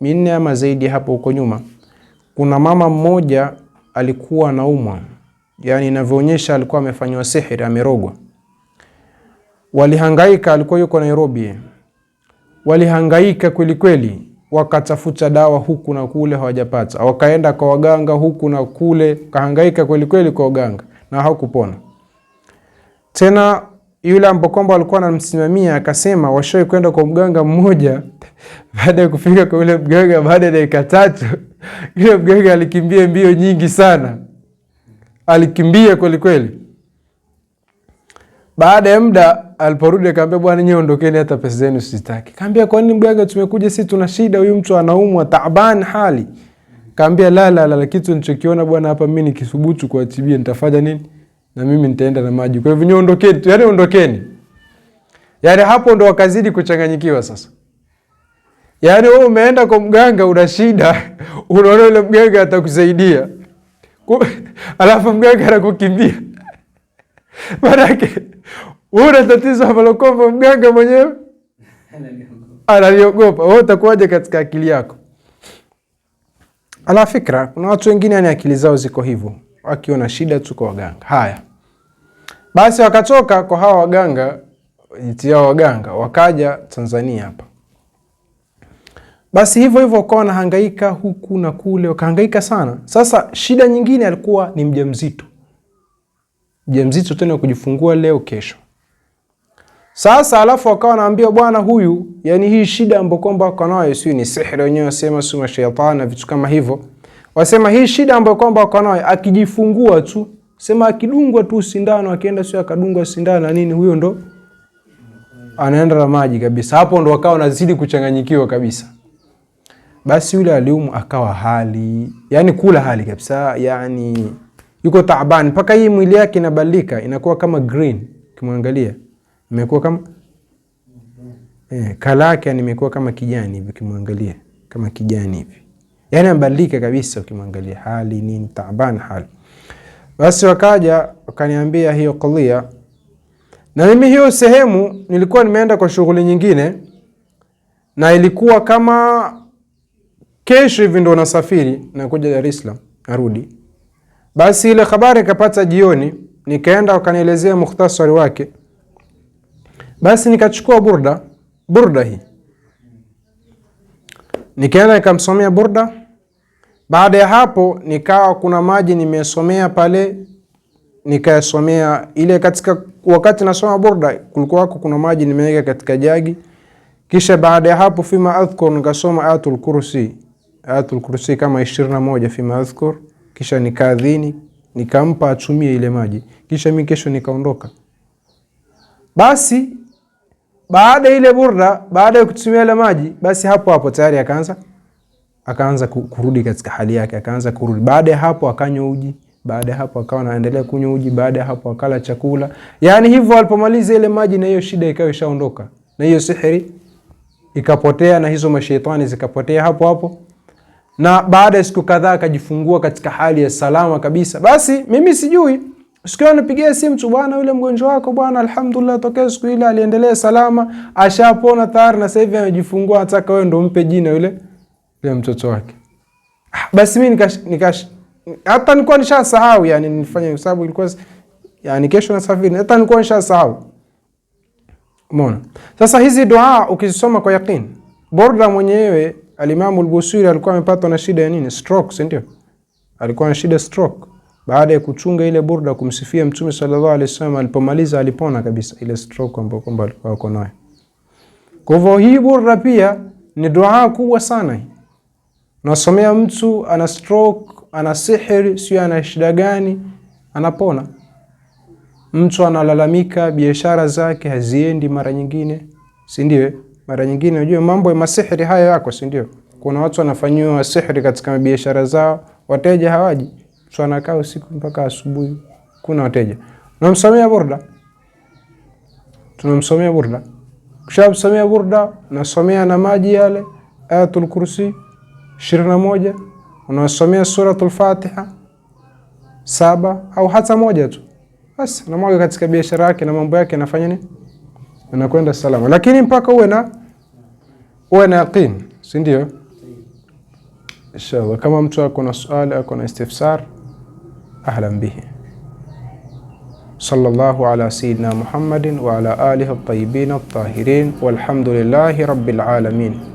minne ama zaidi hapo huko nyuma, kuna mama mmoja alikuwa anaumwa, yani inavyoonyesha alikuwa amefanywa sihir, amerogwa. Walihangaika, alikuwa yuko Nairobi, walihangaika kweli kweli, wakatafuta dawa huku na kule, hawajapata. Wakaenda kwa waganga huku na kule, kahangaika kweli kweli kwa waganga na hakupona tena yule ambapo kwamba alikuwa anamsimamia akasema washawahi kwenda kwa mganga mmoja. Baada ya kufika kwa yule mganga, baada ya dakika tatu, yule mganga alikimbia mbio nyingi sana, alikimbia kweli kweli. Baada ya muda aliporudi akaambia, bwana, nyewe ondokeni, hata pesa zenu sizitaki. Kaambia, kwa nini mganga? Tumekuja sisi tuna shida, huyu mtu anaumwa taaban hali. Kaambia, la la la, kitu nilichokiona bwana hapa, mimi nikithubutu kuatibia nitafanya nini na mimi nitaenda na maji. Kwa hivyo niondokeni tu, yaani ondokeni. Yaani hapo ndo wakazidi kuchanganyikiwa sasa. Yaani wewe umeenda kwa mganga una shida, unaona yule mganga atakusaidia. Alafu mganga anakukimbia. Maanake una tatizo ambalo mganga mwenyewe analiogopa. Wewe utakuwaje katika akili yako? Ala fikra, kuna watu wengine yani akili zao ziko hivyo na shida tu kwa waganga. Haya basi, wakatoka kwa hawa waganga jitiao waganga, wakaja Tanzania hapa. Basi hivyo hivyo wakawa wanahangaika huku na kule, wakahangaika sana. Sasa shida nyingine alikuwa ni mjamzito, mjamzito tena kujifungua leo kesho. Sasa alafu wakawa naambia bwana huyu, yani hii shida ambayo kwamba wako nayo, sio ni sihiri wenyewe sema sio mashaitani na vitu kama hivyo Wasema hii shida ambayo kwamba wako nayo, akijifungua tu, sema akidungwa tu sindano, akienda sio akadungwa sindano na nini, huyo ndo anaenda na maji kabisa. Hapo ndo wakawa wanazidi kuchanganyikiwa kabisa. Basi yule aliumu akawa hali yani kula hali kabisa, yani yuko taabani mpaka hii mwili yake inabadilika inakuwa kama green, ukimwangalia imekuwa kama eh, kala yake yaani imekuwa kama kijani hivi, ukimwangalia kama kijani hivi yani amebadilika kabisa, ukimwangalia hali nini taabani hali. Basi wakaja wakaniambia hiyo kalia, na mimi hiyo sehemu nilikuwa nimeenda kwa shughuli nyingine, na ilikuwa kama kesho hivi ndo nasafiri nakuja Dar es Salaam narudi. Basi ile habari ikapata jioni, nikaenda wakanielezea mukhtasari wake. Basi nikachukua burda burda hii nikaenda nikamsomea burda baada ya hapo nikawa kuna maji nimesomea pale, nikayasomea ile katika wakati nasoma burda, kulikuwa kuna maji nimeweka katika jagi. Kisha baada ya hapo fima adhkur nikasoma ayatul kursi, ayatul kursi kama 21 fima adhkur. Kisha nikaadhini nikampa atumie ile maji, kisha mimi kesho nikaondoka. Basi baada ile burda, baada ya kutumia ile maji, basi hapo hapo tayari akaanza akaanza kurudi katika hali yake, akaanza kurudi. Baada ya hapo akanywa uji, baada ya hapo akawa anaendelea kunywa uji, baada ya hapo akala chakula. Yani hivyo alipomaliza ile maji, na hiyo shida ikawa ishaondoka, na hiyo sihiri ikapotea, na hizo mashaitani zikapotea hapo hapo. Na baada ya siku kadhaa akajifungua katika hali ya salama kabisa. Basi mimi sijui Siku anapigia simu tu, bwana, yule mgonjwa wako bwana, alhamdulillah, tokea siku ile aliendelea salama, ashapona tayari, na sasa hivi amejifungua, anataka wewe ndo mpe jina yule yule mtoto wake. Ah, basi mimi nikash, nikash hata nilikuwa nishasahau yani nifanye hesabu ilikuwa yani kesho nasafiri, hata nilikuwa nishasahau. Umeona? Sasa hizi dua ukizisoma kwa yaqini, Borda mwenyewe Alimamu Al-Busiri alikuwa amepatwa na shida ya nini? Stroke, si ndio? Alikuwa na shida stroke. Baada ya kuchunga ile burda kumsifia Mtume sallallahu alaihi wasallam, alipomaliza alipona kabisa ile stroke ambayo kwamba alikuwa nayo. Kwa hivyo hii burda pia ni dua kubwa sana hii. Unasomea mtu ana stroke, ana sihiri, sio ana shida gani, anapona. Mtu analalamika biashara zake haziendi, mara nyingine, si ndio? Mara nyingine unajua mambo ya masihiri haya yako, si ndio? Kuna watu wanafanyiwa sihiri katika biashara zao, wateja hawaji, mtu anakaa usiku mpaka asubuhi, kuna wateja. Unamsomea burda, tunamsomea burda, kisha msomea burda, nasomea na maji yale, Ayatul Kursi ishirini na moja unaosomea Suratul Fatiha saba au hata moja tu basi, namwaga katika biashara yake na mambo yake, anafanya nini? Anakwenda salama, lakini mpaka uwe na uwe na yaqin, si ndio? Inshallah, kama mtu ako na swali ako na istifsar, ahlan bihi. Sallallahu ala sayyidina Muhammadin wa ala alihi at-tayyibin at-tahirin walhamdulillahi rabbil alamin.